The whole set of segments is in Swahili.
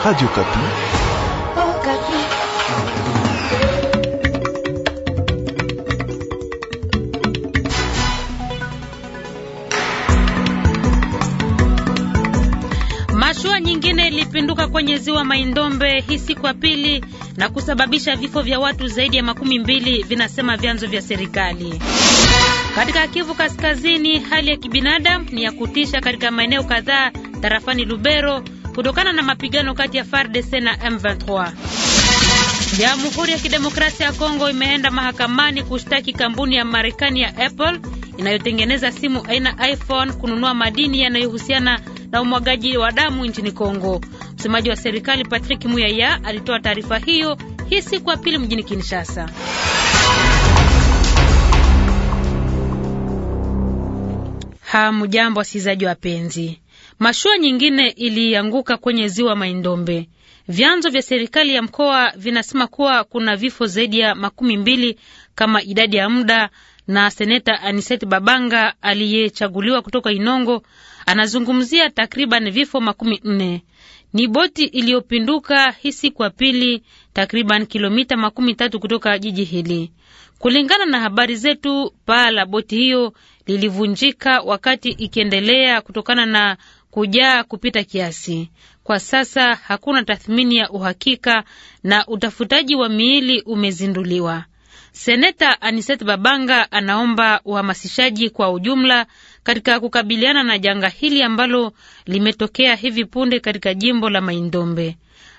Radio Kapi. Oh, Kapi. Mashua nyingine ilipinduka kwenye ziwa Maindombe hii siku ya pili na kusababisha vifo vya watu zaidi ya makumi mbili vinasema vyanzo vya serikali. Katika Kivu Kaskazini, hali ya kibinadamu ni ya kutisha katika maeneo kadhaa tarafani Lubero kutokana na mapigano kati ya FARDC na M23. Jamhuri ya Kidemokrasia ya Kongo imeenda mahakamani kushtaki kampuni ya Marekani ya Apple inayotengeneza simu aina iPhone kununua madini yanayohusiana na umwagaji wa damu nchini Kongo. Msemaji wa serikali Patrick Muyaya alitoa taarifa hiyo hii siku ya pili mjini Kinshasa. Hamjambo wasikilizaji wapenzi. Mashua nyingine ilianguka kwenye ziwa Maindombe. Vyanzo vya serikali ya mkoa vinasema kuwa kuna vifo zaidi ya makumi mbili kama idadi ya muda, na seneta Aniset Babanga aliyechaguliwa kutoka Inongo anazungumzia takriban vifo makumi nne. Ni boti iliyopinduka hii siku ya pili, takriban kilomita makumi tatu kutoka jiji hili. Kulingana na habari zetu, paa la boti hiyo lilivunjika wakati ikiendelea kutokana na kujaa kupita kiasi. Kwa sasa hakuna tathmini ya uhakika na utafutaji wa miili umezinduliwa. Seneta Aniset Babanga anaomba uhamasishaji kwa ujumla katika kukabiliana na janga hili ambalo limetokea hivi punde katika jimbo la Maindombe.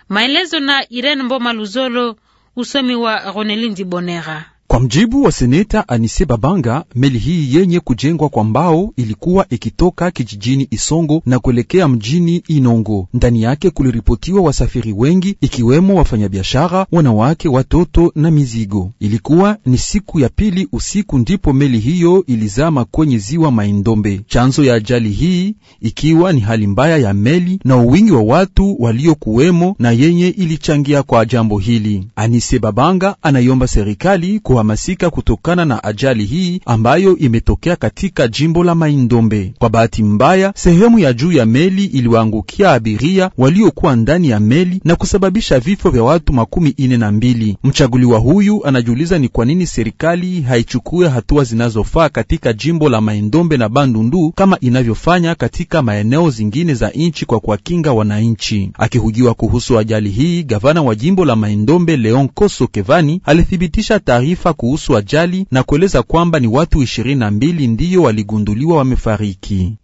Maelezo na Irene Mboma Luzolo, usomi wa Ronelindi Bonera. Kwa mjibu wa seneta Anise Babanga, meli hii yenye kujengwa kwa mbao ilikuwa ikitoka kijijini Isongo na kuelekea mjini Inongo. Ndani yake kuliripotiwa wasafiri wengi, ikiwemo wafanyabiashara, wanawake, watoto na mizigo. Ilikuwa ni siku ya pili usiku ndipo meli hiyo ilizama kwenye ziwa Maindombe. Chanzo ya ajali hii ikiwa ni hali mbaya ya meli na uwingi wa watu waliokuwemo na yenye ilichangia kwa jambo hili. Anise Babanga anaiomba serikali kwa kuhamasika kutokana na ajali hii ambayo imetokea katika jimbo la Maindombe. Kwa bahati mbaya, sehemu ya juu ya meli iliwaangukia abiria waliokuwa ndani ya meli na kusababisha vifo vya watu makumi ine na mbili. Mchaguliwa huyu anajiuliza ni kwa nini serikali haichukue hatua zinazofaa katika jimbo la Maindombe na Bandundu kama inavyofanya katika maeneo zingine za nchi kwa kuwakinga wananchi. Akihujiwa kuhusu ajali hii, gavana wa jimbo la Maindombe Leon Koso Kevani alithibitisha taarifa hapa kuhusu ajali na kueleza kwamba ni watu 22 ndiyo waligunduliwa wamefariki.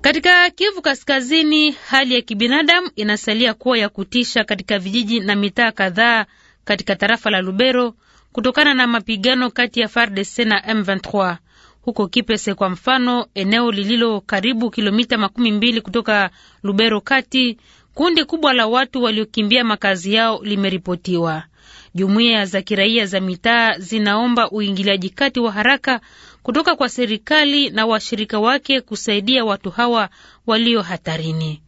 Katika Kivu Kaskazini, hali ya kibinadamu inasalia kuwa ya kutisha katika vijiji na mitaa kadhaa katika tarafa la Lubero kutokana na mapigano kati ya FARDC na M23. Huko Kipese kwa mfano, eneo lililo karibu kilomita makumi mbili kutoka Lubero kati, Kundi kubwa la watu waliokimbia makazi yao limeripotiwa. Jumuiya za kiraia za mitaa zinaomba uingiliaji kati wa haraka kutoka kwa serikali na washirika wake kusaidia watu hawa walio hatarini.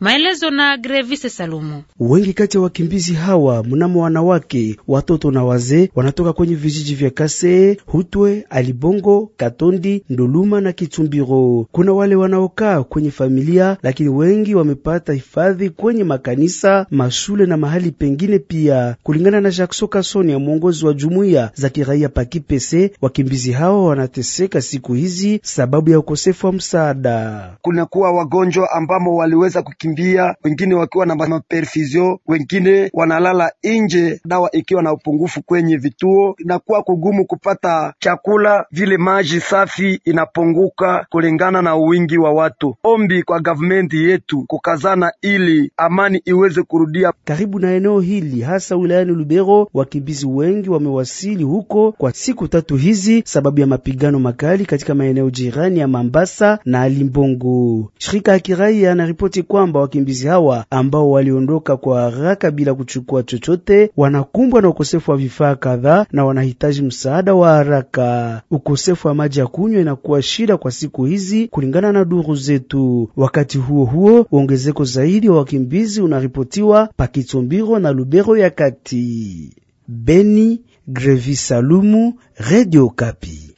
Maelezo na Grevise Salumu. Wengi kati ya wakimbizi hawa mnamo wanawake, watoto na wazee wanatoka kwenye vijiji vya Kase, Hutwe, Alibongo, Katondi, Nduluma na Kitumbiro. Kuna wale wanaokaa kwenye familia, lakini wengi wamepata hifadhi kwenye makanisa, mashule na mahali pengine pia. Kulingana na Jacques ya mwongozi wa jumuiya za kiraia Pakipese, wakimbizi hawa wanateseka siku hizi sababu ya ukosefu wa msaada. Kuna kuwa wagonjwa ambamo waliweza kuki wanakimbia, wengine wakiwa na maperfizio wengine wanalala nje, dawa ikiwa na upungufu kwenye vituo, inakuwa kugumu kupata chakula, vile maji safi inapunguka kulingana na wingi wa watu. Ombi kwa gavumenti yetu kukazana ili amani iweze kurudia karibu na eneo hili, hasa wilayani Lubero. Wakimbizi wengi wamewasili huko kwa siku tatu hizi sababu ya mapigano makali katika maeneo jirani ya Mambasa na Limbongo. Shirika ya kiraia anaripoti kwamba kwamba wakimbizi hawa ambao waliondoka kwa haraka bila kuchukua chochote wanakumbwa na ukosefu wa vifaa kadhaa na wanahitaji msaada wa haraka. Ukosefu wa maji ya kunywa inakuwa shida kwa siku hizi kulingana na duru zetu. Wakati huo huo, ongezeko zaidi wa wakimbizi unaripotiwa Pakitombiro na Lubero ya kati. Beni, Grevi Salumu, Radio Kapi.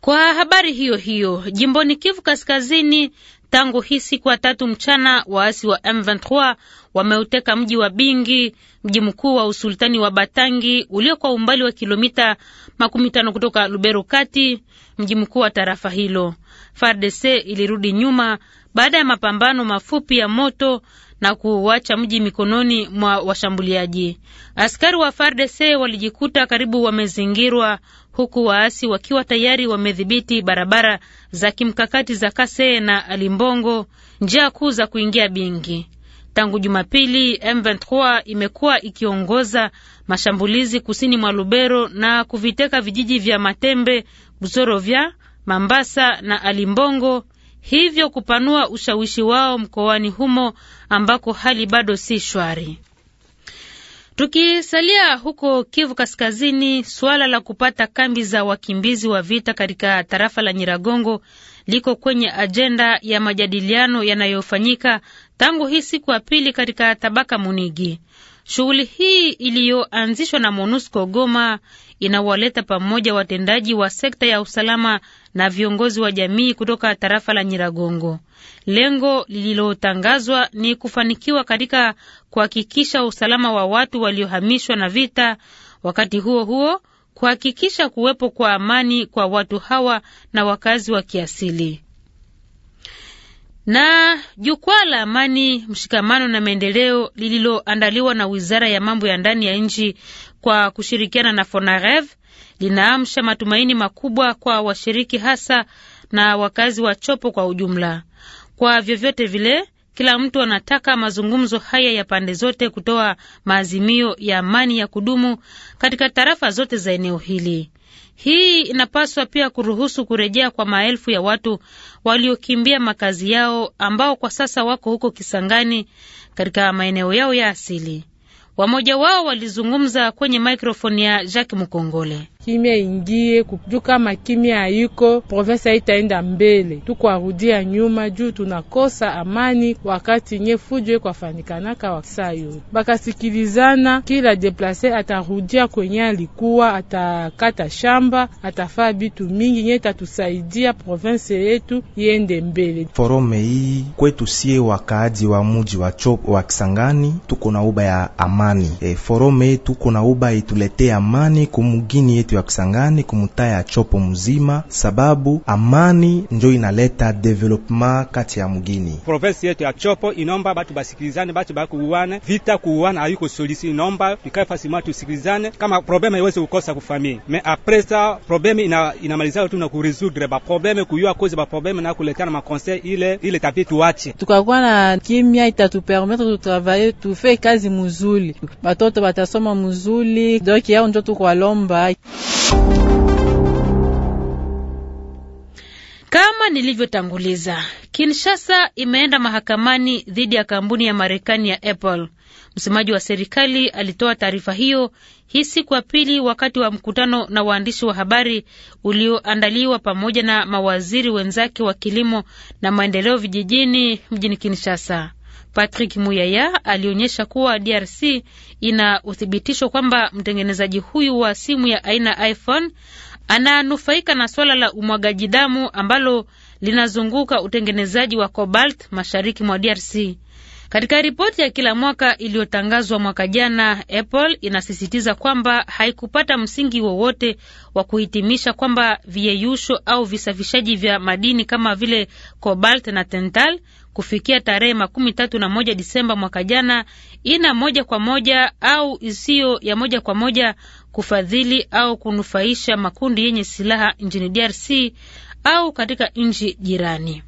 Kwa habari hiyo hiyo, jimboni Kivu Kaskazini, Tangu hii siku ya tatu mchana, waasi wa M23 wameuteka mji wa Bingi, mji mkuu wa usultani wa Batangi ulio kwa umbali wa kilomita makumi tano kutoka Lubero kati, mji mkuu wa tarafa hilo. FARDC ilirudi nyuma baada ya mapambano mafupi ya moto na kuuacha mji mikononi mwa washambuliaji. Askari wa FARDC walijikuta karibu wamezingirwa, huku waasi wakiwa tayari wamedhibiti barabara za kimkakati za Kasee na Alimbongo, njia kuu za kuingia Bingi. Tangu Jumapili, M23 imekuwa ikiongoza mashambulizi kusini mwa Lubero na kuviteka vijiji vya Matembe, Buzorovya, Mambasa na Alimbongo hivyo kupanua ushawishi wao mkoani humo ambako hali bado si shwari. Tukisalia huko Kivu Kaskazini, suala la kupata kambi za wakimbizi wa vita katika tarafa la Nyiragongo liko kwenye ajenda ya majadiliano yanayofanyika tangu hii siku ya pili katika tabaka Munigi. Shughuli hii iliyoanzishwa na MONUSCO Goma inawaleta pamoja watendaji wa sekta ya usalama na viongozi wa jamii kutoka tarafa la Nyiragongo. Lengo lililotangazwa ni kufanikiwa katika kuhakikisha usalama wa watu waliohamishwa na vita, wakati huo huo kuhakikisha kuwepo kwa amani kwa watu hawa na wakazi wa kiasili na jukwaa la amani, mshikamano na maendeleo lililoandaliwa na wizara ya mambo ya ndani ya nchi kwa kushirikiana na Fonarev linaamsha matumaini makubwa kwa washiriki hasa na wakazi wa Chopo kwa ujumla. Kwa vyovyote vile, kila mtu anataka mazungumzo haya ya pande zote kutoa maazimio ya amani ya kudumu katika tarafa zote za eneo hili. Hii inapaswa pia kuruhusu kurejea kwa maelfu ya watu waliokimbia makazi yao ambao kwa sasa wako huko Kisangani katika maeneo yao ya asili. Wamoja wao walizungumza kwenye maikrofoni ya Jacques Mukongole kimya ingie juu. Kama kimya haiko, province itaenda mbele, tukwarudia nyuma juu tunakosa amani, wakati nye fujo kwafanikanaka wasaa yote bakasikilizana, kila deplase atarudia kwenye alikuwa, atakata shamba, atafaa bitu mingi nye tatusaidia province yetu iende mbele. Forome hii kwetu sie wakaaji wa muji wa Chop wa Kisangani tuko na uba ya amani. E, forome tuko na uba ituletee amani kumugini yetu msitu ya Kisangani kumutaya ya chopo mzima, sababu amani njo inaleta development kati ya mugini. Provensi yetu ya chopo inomba batu basikilizane, batu bakuuane, vita kuuana hayuko solisi, inomba ikae fasi mwa tusikilizane, kama probleme iweze kukosa kufamii me apresa probleme ina, inamalizao tu na kuresoudre ba probleme kuyua kozi ba probleme na kuletea na conseil ile ile tapi tuache tukakuwa na kimya itatupermettre tutravaille tufe kazi muzuli batoto batasoma muzuli doki yao njo tukwalomba kama nilivyotanguliza, Kinshasa imeenda mahakamani dhidi ya kampuni ya Marekani ya Apple. Msemaji wa serikali alitoa taarifa hiyo hii siku ya pili wakati wa mkutano na waandishi wa habari ulioandaliwa pamoja na mawaziri wenzake wa kilimo na maendeleo vijijini mjini Kinshasa. Patrick Muyaya alionyesha kuwa DRC ina uthibitisho kwamba mtengenezaji huyu wa simu ya aina iPhone ananufaika na swala la umwagaji damu ambalo linazunguka utengenezaji wa cobalt mashariki mwa DRC. Katika ripoti ya kila mwaka iliyotangazwa mwaka jana, Apple inasisitiza kwamba haikupata msingi wowote wa kuhitimisha kwamba viyeyusho au visafishaji vya madini kama vile cobalt na tantal kufikia tarehe makumi tatu na moja Disemba mwaka jana ina moja kwa moja au isiyo ya moja kwa moja kufadhili au kunufaisha makundi yenye silaha nchini DRC au katika nchi jirani.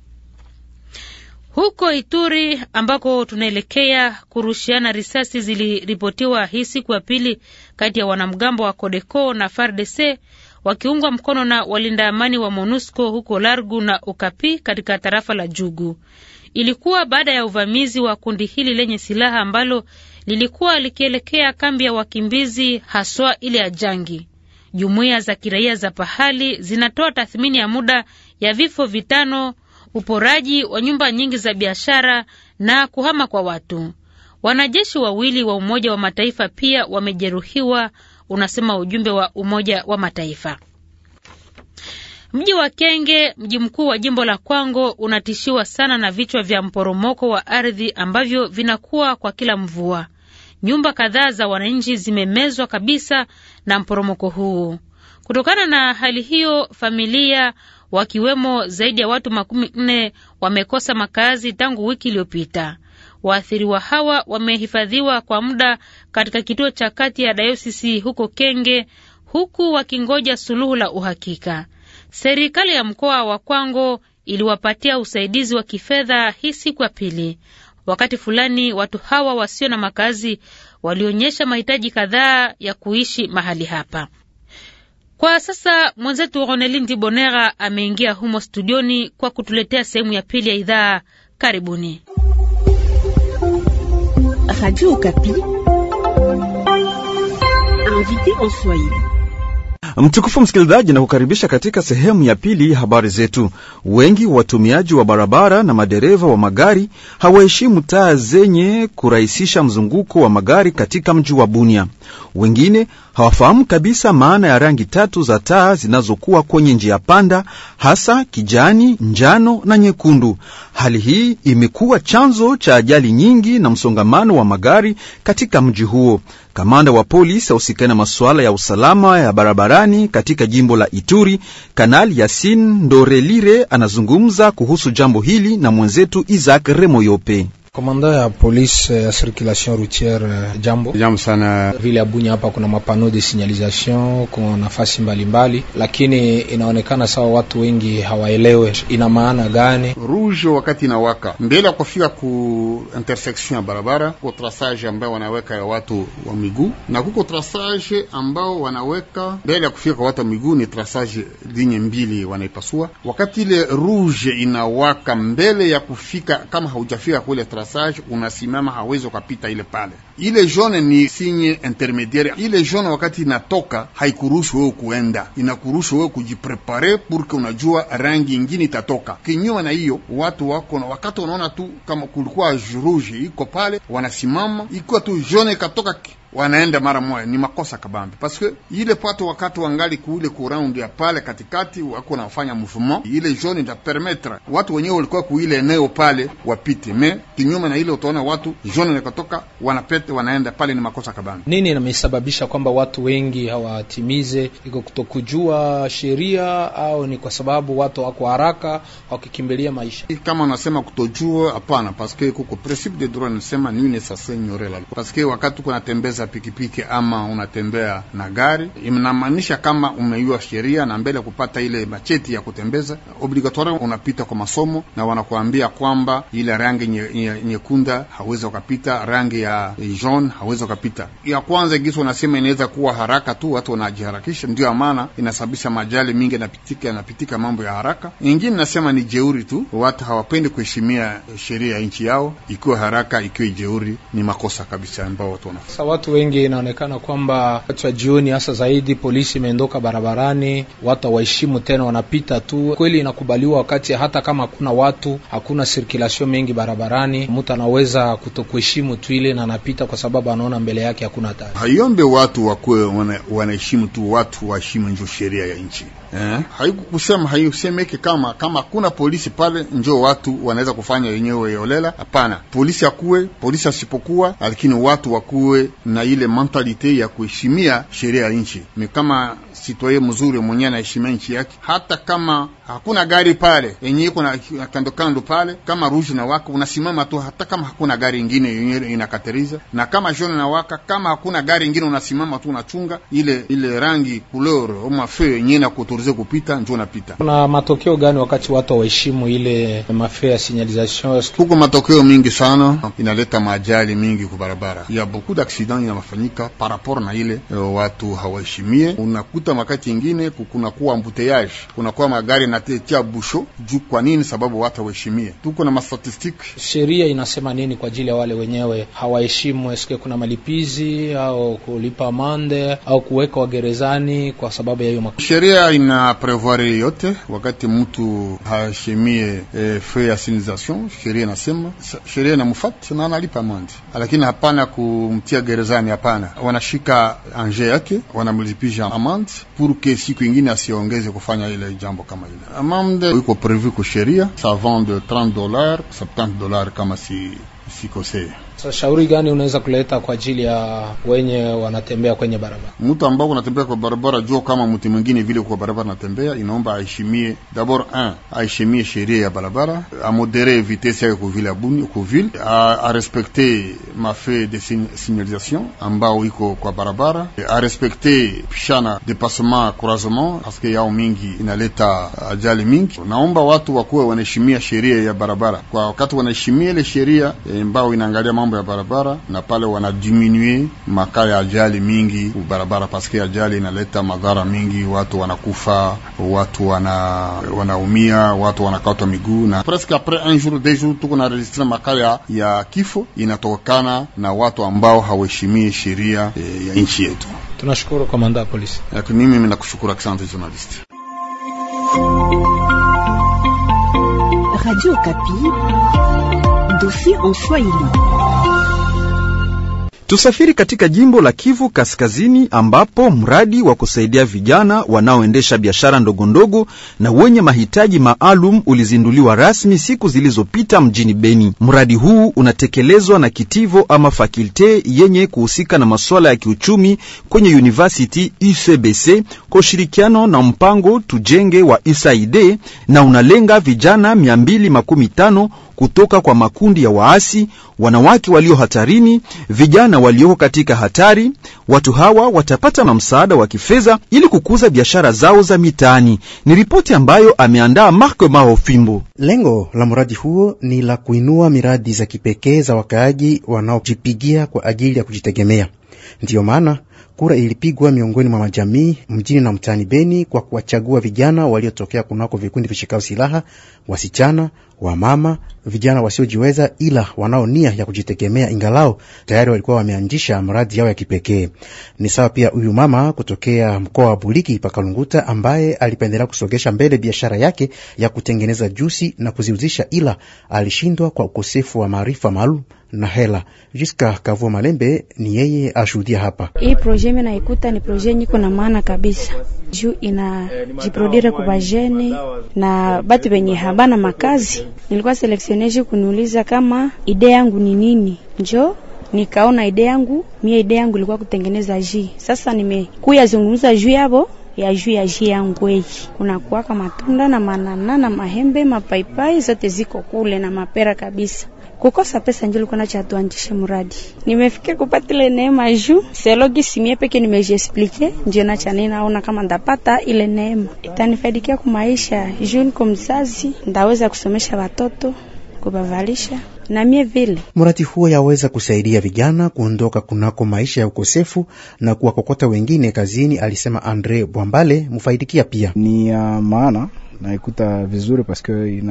Huko Ituri ambako tunaelekea, kurushiana risasi ziliripotiwa hii siku ya pili kati ya wanamgambo wa Codeco na FARDC wakiungwa mkono na walinda amani wa MONUSCO huko Largu na Ukapi katika tarafa la Jugu. Ilikuwa baada ya uvamizi wa kundi hili lenye silaha ambalo lilikuwa likielekea kambi ya wakimbizi haswa ile ya Jangi. Jumuiya za kiraia za pahali zinatoa tathmini ya muda ya vifo vitano, uporaji wa nyumba nyingi za biashara na kuhama kwa watu. Wanajeshi wawili wa Umoja wa Mataifa pia wamejeruhiwa, unasema ujumbe wa Umoja wa Mataifa. Mji wa Kenge, mji mkuu wa jimbo la Kwango, unatishiwa sana na vichwa vya mporomoko wa ardhi ambavyo vinakuwa kwa kila mvua. Nyumba kadhaa za wananchi zimemezwa kabisa na mporomoko huu. Kutokana na hali hiyo, familia wakiwemo zaidi ya watu makumi nne wamekosa makazi tangu wiki iliyopita. Waathiriwa hawa wamehifadhiwa kwa muda katika kituo cha kati ya dayosisi huko Kenge, huku wakingoja suluhu la uhakika serikali ya mkoa wa Kwango iliwapatia usaidizi wa kifedha hii siku ya pili. Wakati fulani watu hawa wasio na makazi walionyesha mahitaji kadhaa ya kuishi mahali hapa. Kwa sasa mwenzetu Ronelin bonera ameingia humo studioni kwa kutuletea sehemu ya pili ya idhaa. Karibuni Radio Okapi. Mtukufu msikilizaji, na kukaribisha katika sehemu ya pili habari zetu. Wengi watumiaji wa barabara na madereva wa magari hawaheshimu taa zenye kurahisisha mzunguko wa magari katika mji wa Bunia. Wengine hawafahamu kabisa maana ya rangi tatu za taa zinazokuwa kwenye njia panda, hasa kijani, njano na nyekundu. Hali hii imekuwa chanzo cha ajali nyingi na msongamano wa magari katika mji huo. Kamanda wa polisi ausikani na masuala ya usalama ya barabarani katika jimbo la Ituri, Kanali Yasin Ndorelire, anazungumza kuhusu jambo hili na mwenzetu Isaac Remoyope. Komanda ya polisi eh, ya circulation routiere eh, jambo. Jambo sana. Vile ya Bunya hapa kuna mapano de signalisation kuna nafasi mbalimbali mbali, lakini inaonekana sawa watu wengi hawaelewe ina maana gani rouge wakati inawaka mbele ya kufika ku intersection ya barabara. Kuko trasage ambayo wanaweka ya watu wa miguu na kuko trasage ambao wanaweka mbele ya kufika kwa watu wa miguu, ni trasage dinye mbili wanaipasua. Wakati ile rouge inawaka mbele ya kufika, kama haujafika kule trasage passage, unasimama, hawezi ukapita ile pale. Ile jone ni signe intermediaire. Ile jone wakati inatoka haikuruhusu wewe kuenda, inakuruhusu wewe kujiprepare purke, unajua rangi ingine itatoka kinyume na hiyo. Watu wako na wakati wanaona tu kama kulikuwa rouge iko pale, wanasimama ikiwa tu jone ikatoka wanaenda mara moja, ni makosa kabambi, parce que ile pato wakati wangali ku round ya pale katikati wako nafanya mouvement ile jaune da permettre watu wenyewe walikuwa kuile eneo pale wapite, me kinyume na ile utaona watu jaune nakotoka wanapete wanaenda pale, ni makosa kabambi. Nini inamesababisha kwamba watu wengi hawatimize? Iko kutokujua sheria au ni kwa sababu watu wako haraka wakikimbilia maisha? Kama unasema kutojua, hapana, parce que kuko principe de droit nasema nini sasa ignorer parce que wakati kuna tembeza unaendesha pikipiki ama unatembea na gari, inamaanisha kama umeiwa sheria, na mbele ya kupata ile macheti ya kutembeza obligatoire unapita kwa masomo, na wanakuambia kwamba ile rangi nyekunda nye, nye hawezi ukapita, rangi ya jaune hauwezi ukapita. Ya kwanza gisi unasema inaweza kuwa haraka tu, watu wanajiharakisha, ndio maana inasababisha majali mingi yanapitika, yanapitika mambo ya haraka. Ingine nasema ni jeuri tu, watu hawapendi kuheshimia sheria ya nchi yao, ikiwa haraka ikiwa jeuri ni makosa kabisa ambao watu Watu wengi inaonekana kwamba watu wa jioni hasa zaidi polisi imeondoka barabarani, watu hawaheshimu tena, wanapita tu. Kweli inakubaliwa wakati hata kama hakuna watu, hakuna sirkulasio mengi barabarani, mtu anaweza kutokuheshimu tu ile na anapita kwa sababu anaona mbele yake hakuna hatari. haiombe watu wakuwe wanaheshimu tu, watu waheshimu njo sheria ya nchi yeah. Haikusema haisemeke kama kama kuna polisi pale njo watu wanaweza kufanya wenyewe yolela. Hapana, polisi akuwe, polisi asipokuwa, lakini watu wakuwe na ile mentalite ya kuheshimia sheria ya nchi. Ni kama sitwaye mzuri mwenyewe anaheshimia nchi yake, hata kama hakuna gari pale yenyewe iko na kando kando pale, kama ruji na waka unasimama tu, hata kama hakuna gari ingine yenyewe inakatariza, na kama jone na waka, kama hakuna gari ingine unasimama tu, unachunga ile ile rangi couleur au mafeu yenyewe na kutu tuweze kupita njo unapita Kuna matokeo gani wakati watu hawaheshimu ile mafe ya signalisation? Tuko matokeo mingi sana, inaleta maajali mingi ku barabara ya beaucoup d'accident inafanyika par rapport na ile eh, watu hawaheshimie. Unakuta wakati ingine kunakuwa kuna kunakuwa magari natetia busho juu. Kwa nini? Sababu watu hawaheshimie. Tuko na mastatistiki, sheria inasema nini kwa ajili ya wale wenyewe hawaheshimu? Eske kuna malipizi au kulipa mande au kuweka wagerezani kwa sababu ya hiyo sheria ina na prevoire yote wakati mtu hashimie eh, frais ya sinization, sheria inasema, sheria inamfuata na analipa amande, lakini hapana kumtia gerezani, hapana. Wanashika anje yake wanamlipisha amande pour que siku ingine asiongeze kufanya ile jambo kama ile. Amande iko prevu kwa sheria savant de 30 dollars 70 dollars kama si sikosea. So, shauri gani unaweza kuleta kwa ajili ya wenye wanatembea kwenye barabara? Mtu ambao unatembea kwa barabara, jua kama mtu mwingine vile kwa barabara anatembea, inaomba aheshimie dabord un aheshimie sheria ya barabara, amodere vitesse yake vile abuni kuvile, arespekte mafe de signalisation ambao iko kwa barabara, arespekte pishana depassement croisement, que yao mingi inaleta ajali mingi. Naomba watu wakuwe wanaheshimia sheria ya barabara, kwa wakati wanaheshimia ile sheria ambao eh, inaangalia mambo mambo ya barabara, na pale wanadiminue makaa ya ajali mingi barabara, paske ajali inaleta madhara mingi, watu wanakufa, watu wana wanaumia, watu wanakatwa miguu, na presque apres un jour deux jours tuko na registre makaa ya kifo inatokana na watu ambao hawaheshimii sheria e, ya nchi yetu. Tunashukuru komanda wa polisi. Mimi ninakushukuru, asante journalist. Radio Kapi. Dossier en Swahili. Tusafiri katika jimbo la Kivu Kaskazini ambapo mradi wa kusaidia vijana wanaoendesha biashara ndogondogo na wenye mahitaji maalum ulizinduliwa rasmi siku zilizopita mjini Beni. Mradi huu unatekelezwa na kitivo ama fakulte yenye kuhusika na masuala ya kiuchumi kwenye University UCBC kwa ushirikiano na mpango Tujenge wa USAID na unalenga vijana 215 kutoka kwa makundi ya waasi, wanawake walio hatarini, vijana walioko katika hatari. Watu hawa watapata na msaada wa kifedha ili kukuza biashara zao za mitaani. Ni ripoti ambayo ameandaa Marko Mao Fimbo. Lengo la mradi huo ni la kuinua miradi za kipekee za wakaaji wanaojipigia kwa ajili ya kujitegemea. Ndiyo maana kura ilipigwa miongoni mwa majamii mjini na mtaani Beni kwa kuwachagua vijana waliotokea kunako vikundi vishikao silaha, wasichana, wamama, vijana wasiojiweza, ila wanao nia ya kujitegemea, ingalao tayari walikuwa wameanzisha mradi yao ya kipekee. Ni sawa pia huyu mama kutokea mkoa wa Buliki Pakalunguta, ambaye alipendelea kusogesha mbele biashara yake ya kutengeneza jusi na kuziuzisha, ila alishindwa kwa ukosefu wa maarifa maalum na hela. Jiska Kavua Malembe ni yeye ashuhudia hapa. Hii proje mi naikuta ni proje nyiko na maana kabisa, juu inajiprodire kubajeni na batu benye habana makazi nilikuwa seleksioneje kuniuliza kama idea yangu ni nini, njo nikaona idea yangu mie, idea yangu ilikuwa kutengeneza jii. Sasa nimekuya zungumza juu yavo ya juu ya ji yangu eyi, kuna kuwaka matunda na manana na mahembe, mapaipai zote ziko kule na mapera kabisa kukosa pesa ndio nilikuwa nacho tuanzishe mradi. Nimefikia kupata ile neema juu selogi simie peke nimejiexplique, ndio nacha ninaona kama ndapata ile neema itanifaidikia kwa maisha. Juu niko mzazi, ndaweza kusomesha watoto, kubavalisha na mie vile. Mradi huo yaweza kusaidia vijana kuondoka kunako maisha ya ukosefu na kuwakokota wengine kazini, alisema Andre Bwambale. Mfaidikia pia ni ya uh, maana naikuta vizuri paske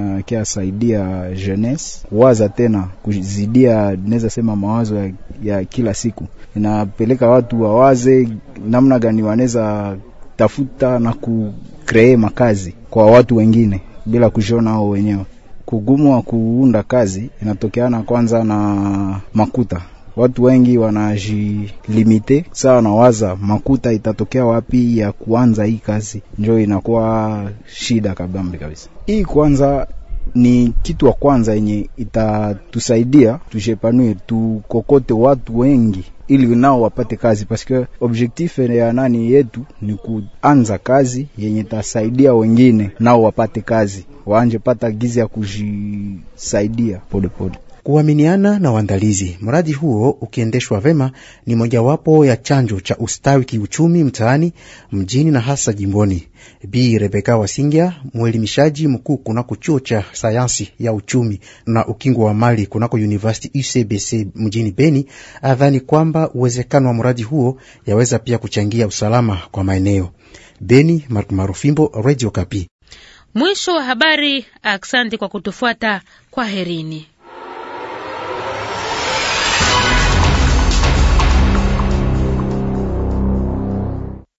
saidia jeunesse kuwaza tena kuzidia, neza sema mawazo ya, ya kila siku. Inapeleka watu wawaze namna gani wanaweza tafuta na kukree makazi kwa watu wengine bila kushona ao wenyewe. Kugumu wa kuunda kazi inatokeana kwanza na makuta watu wengi wanajilimite saa wanawaza makuta itatokea wapi ya kuanza hii kazi, njo inakuwa shida kabambi kabisa. Hii kwanza ni kitu wa kwanza yenye itatusaidia tujepanue tukokote watu wengi ili nao wapate kazi, paske objektif ya nani yetu ni kuanza kazi yenye itasaidia wengine nao wapate kazi, waanje pata gizi ya kujisaidia polepole kuaminiana na waandalizi. Mradi huo ukiendeshwa vema, ni mojawapo ya chanjo cha ustawi kiuchumi mtaani, mjini na hasa jimboni. Bi Rebeka Wasingia, mwelimishaji mkuu kunako chuo cha sayansi ya uchumi na ukingo wa mali kunako University UCBC mjini Beni, adhani kwamba uwezekano wa mradi huo yaweza pia kuchangia usalama kwa maeneo Beni. Mark Marufimbo, Radio Kapi. Mwisho wa habari. Asante kwa kutufuata. Kwaherini.